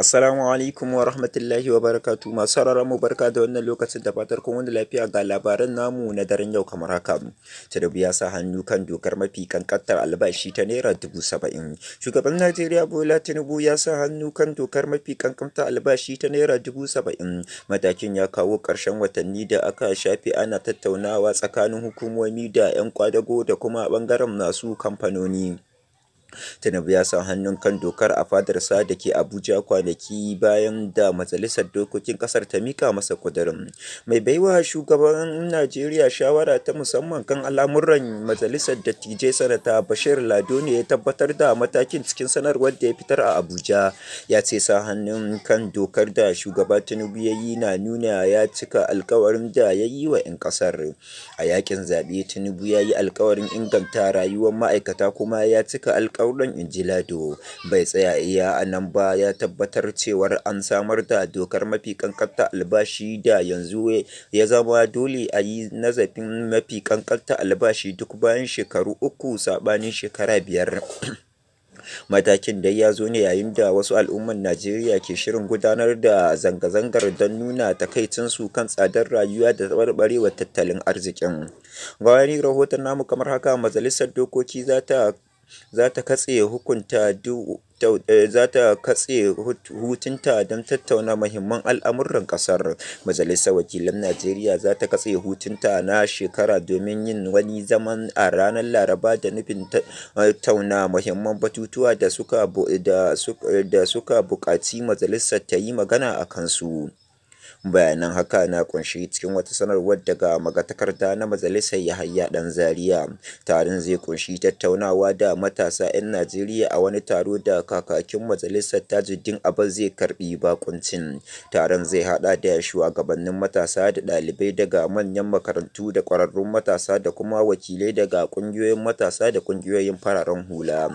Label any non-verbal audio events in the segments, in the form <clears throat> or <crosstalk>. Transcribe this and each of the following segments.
Assalamu alaikum wa rahmatullahi wa barakatu masu sauraron mu barka da wannan lokacin da fatar kun wani lafiya ga labaran namu na daren yau kamar haka. Tinubu ya sa hannu kan dokar mafi kankantar albashi ta naira dubu saba'in. Shugaban Najeriya Bola Tinubu ya sa hannu kan dokar mafi kankantar albashi ta naira dubu saba'in. Matakin ya kawo ƙarshen watanni da aka shafe ana tattaunawa tsakanin hukumomi da 'yan kwadago da kuma ɓangaren masu kamfanoni. Tinubu ya sa hannun kan dokar a fadarsa da ke Abuja kwanaki bayan da Majalisar Dokokin Ƙasar ta mika masa ƙudurin. Mai baiwa shugaban Najeriya shawara ta musamman kan al'amuran Majalisar Dattijai Sanata Bashir Lado ne ya tabbatar da matakin cikin sanarwar da ya fitar a Abuja. Ya ce sa hannun kan dokar da shugaba Tinubu ya yi na nuna ya cika alkawarin da ya yi wa 'yan ƙasar. A yakin zaɓe Tinubu ya yi alkawarin inganta rayuwar ma'aikata kuma ya cika alkawarin inji lado bai tsaya iya a nan ba ya tabbatar cewar an samar da dokar mafi kankanta albashi da yanzu ya zama dole a yi nazafin mafi kankanta albashi duk bayan shekaru uku sabanin shekara biyar. <clears throat> matakin da ya zo ne yayin da wasu al'umman najeriya ke shirin gudanar da zanga-zangar don nuna takaicinsu kan tsadar rayuwa da taɓarɓarewar tattalin arzikin ga wani rahoton namu kamar haka majalisar dokoki za ta Zata katse eh, hutunta don tattauna mahimman al'amuran ƙasar. Majalisar Wakilan Najeriya zata katse hutunta na shekara domin yin wani zaman a ranar Laraba da nufin eh, tauna muhimman batutuwa da suka buƙaci majalisar ta yi magana a kansu. Bayanan haka na ƙunshi cikin wata sanarwar daga magatakarda na Majalisar Yahaya Dan Zaria. Taron zai ƙunshi tattaunawa da matasa 'yan Najeriya a wani taro da kakakin Majalisar Tajuddin Abbas zai karɓi bakuncin. Taron zai haɗa da shugabannin matasa da ɗalibai daga manyan makarantu da ƙwararrun matasa da kuma wakilai daga ƙungiyoyin matasa da ƙungiyoyin fararen hula.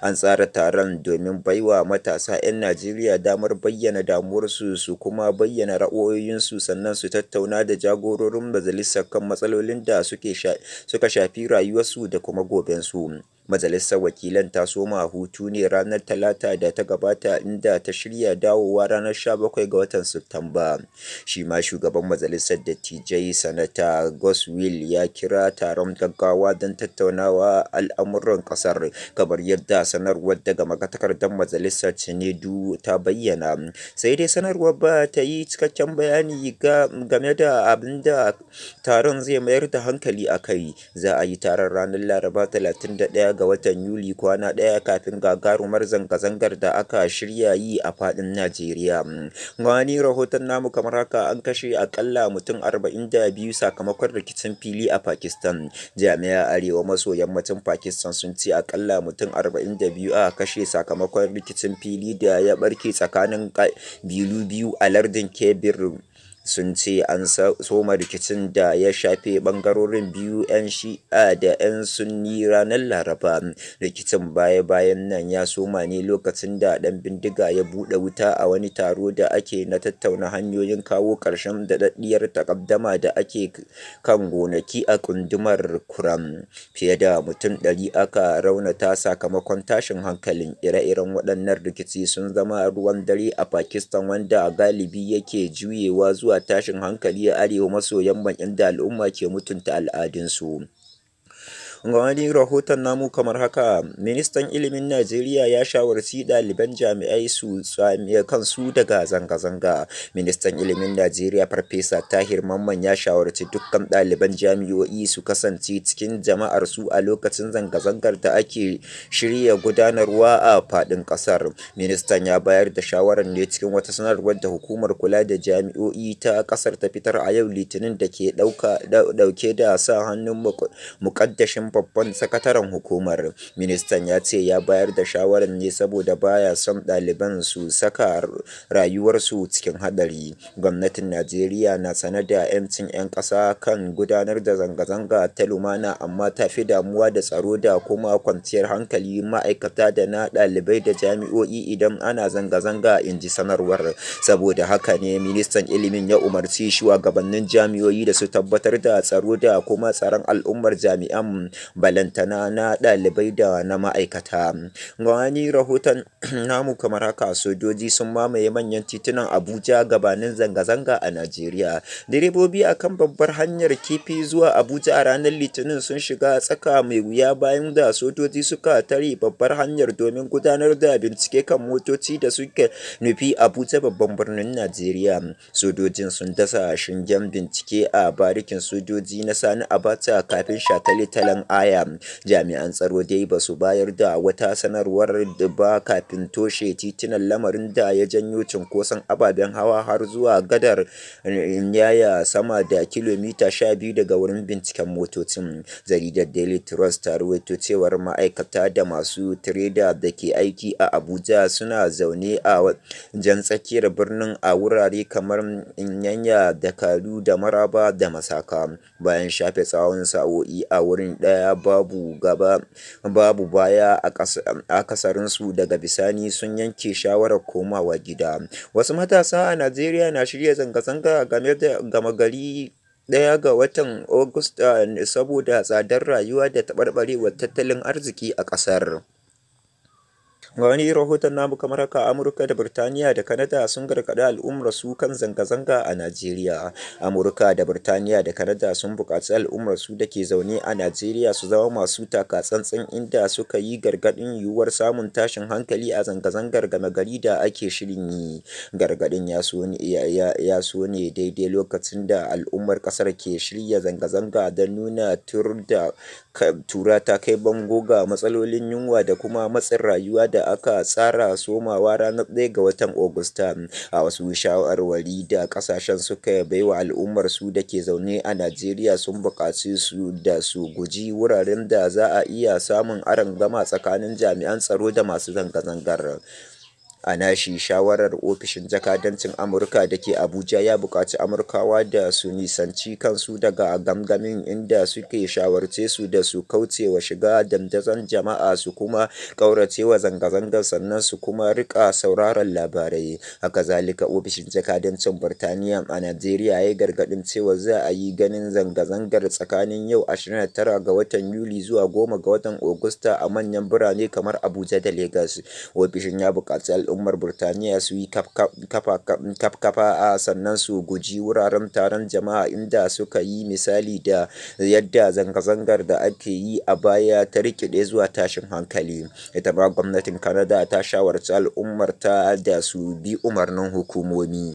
An tsara taron domin baiwa matasa 'yan Najeriya damar bayyana damuwarsu su kuma bayyana ra'o ra'ayoyinsu sannan su tattauna da jagororin majalisar kan matsalolin da suka shafi rayuwarsu da kuma gobensu. Majalisar Wakilan ta soma hutu ne ranar Talata da ta gabata inda ta shirya dawowa ranar 17 ga watan Satumba. Shi ma shugaban Majalisar Dattijai Sanata Goswill ya kira taron gaggawa don tattaunawa al'amuran kasar kamar yadda sanarwar daga magatakardar Majalisar Cinedu ta bayyana. Sai dai sanarwar ba ta yi cikakken bayani game da abin da taron zai mayar da hankali a kai. Za a yi taron ranar Laraba 31 ga watan Yuli kwana ɗaya kafin gagarumar zanga-zangar da aka shirya yi a faɗin Najeriya. Wani rahoton namu kamar haka an kashe akalla mutum 42 sakamakon rikicin fili a Pakistan. Jami'a Arewa maso yammacin Pakistan sun ce akalla mutum 42 a kashe sakamakon rikicin fili da ya barke tsakanin biyu a lardin Kebir. sun ce an soma rikicin da ya shafe bangarorin biyu 'yan shi'a da 'yan sunni ranar laraba rikicin baya-bayan nan ya soma ne lokacin da ɗan bindiga ya buɗe wuta a wani taro da ake na tattauna hanyoyin kawo ƙarshen daɗaɗɗiyar takaddama da ake kan gonaki a kundumar kuram fiye da mutum ɗari aka raunata sakamakon tashin hankalin ire-iren waɗannan rikici sun zama ruwan dare a pakistan wanda galibi yake juyewa zuwa tashin hankali a arewa maso yamman inda al'umma ke mutunta al'adunsu. Ga wani rahoton namu kamar haka, Ministan Ilimin Najeriya ya shawarci ɗaliban jami'ai su tsamiya kansu daga zanga-zanga. Ministan Ilimin Najeriya Farfesa Tahir Mamman ya shawarci dukkan ɗaliban jami'o'i su kasance cikin jama'ar su a lokacin zanga-zangar da ake shirya gudanarwa a faɗin ƙasar. Ministan ya bayar da shawarar ne cikin wata sanarwar da hukumar kula da jami'o'i ta ƙasar ta fitar a yau Litinin da ke ɗauke da sa hannun muƙaddashin babban sakataren hukumar. Ministan ya ce ya bayar da shawarar ne saboda baya son ɗaliban su saka rayuwarsu cikin hadari. Gwamnatin Najeriya na sanar da 'yancin 'yan kasa kan gudanar da zanga-zanga ta lumana amma ta fi damuwa da tsaro da kuma kwanciyar hankali ma'aikata da na ɗalibai da jami'o'i idan ana zanga-zanga in ji sanarwar. Saboda haka ne ministan ilimin ya umarci shugabannin jami'o'i da su tabbatar da tsaro da kuma tsaron al'ummar jami'an balantana na ɗalibai da na ma'aikata. Ga rahoton <clears throat> namu kamar haka, sojoji sun mamaye manyan titunan Abuja gabanin zanga-zanga a Najeriya. Direbobi a kan babbar hanyar kifi zuwa Abuja a ranar Litinin sun shiga tsaka mai wuya bayan da sojoji suka tare babbar hanyar domin gudanar da bincike kan motoci da suke nufi Abuja babban birnin Najeriya. Sojojin sun dasa shingen bincike a barikin sojoji na Sani Abacha kafin shataletalen aya jami'an tsaro dai ba su bayar da wata sanarwar da ba kafin toshe titunan lamarin da ya janyo cunkoson ababen hawa har zuwa gadar eh, yaya sama da kilomita 12 daga wurin binciken motocin jaridar daily trust ta rawaito cewar ma'aikata da masu tireda da ke aiki a abuja suna zaune a jan tsakiyar birnin a wurare kamar inyanya da kalu da maraba da masaka bayan shafe tsawon sa'o'i a wurin ɗaya baya babu gaba babu baya a kasarinsu daga bisani sun yanke shawarar komawa gida. Wasu matasa a Najeriya na shirya zanga-zanga game da gama gari daya ga watan Agusta saboda tsadar rayuwa da taɓarɓarewar tattalin arziki a ƙasar. wani rahoton namu kamar haka amurka da birtaniya da kanada sun gargaɗi al'ummar su kan zanga-zanga a najeriya amurka da birtaniya da kanada sun buƙaci al'ummar su da ke zaune a najeriya su zama masu taka takatsantsan inda suka yi gargaɗin yiwuwar samun tashin hankali a zanga-zangar game gari da ake shirin yi gargaɗin ya so ne ya so ne daidai lokacin da al'ummar ƙasar ke shirya zanga-zanga don nuna da tura ta kai bango ga matsalolin yunwa da kuma matsin rayuwa da aka tsara somawa ranar ɗaya ga watan Agusta. A wasu shawarwari da ƙasashen suka baiwa al'ummar su da ke zaune a Najeriya sun buƙaci su da su guji wuraren da za a iya samun aron gama tsakanin jami'an tsaro da masu zanga-zangar. A nashi shawarar, ofishin jakadancin Amurka da ke Abuja ya buƙaci Amurkawa da su nisanci kansu daga gangamin inda suke shawarce su da su kaucewa shiga dandazon jama'a su kuma ƙaurace zanga-zangar sannan su kuma rika sauraron labarai. haka zalika ofishin jakadancin Birtaniya a Najeriya ya yi gargaɗin cewa za a yi ganin zanga-zangar tsakanin yau 29 ga watan Yuli zuwa 10 ga watan Agusta a manyan birane kamar Abuja da Legas. Ofishin ya buƙaci al'umma al'ummar burtaniya su yi a sannan su guji wuraren taron jama'a inda suka yi misali da yadda zanga-zangar da ake yi a baya ta rikide zuwa tashin hankali. Ita ma gwamnatin kanada ta shawarci al'ummar ta da su bi umarnin hukumomi.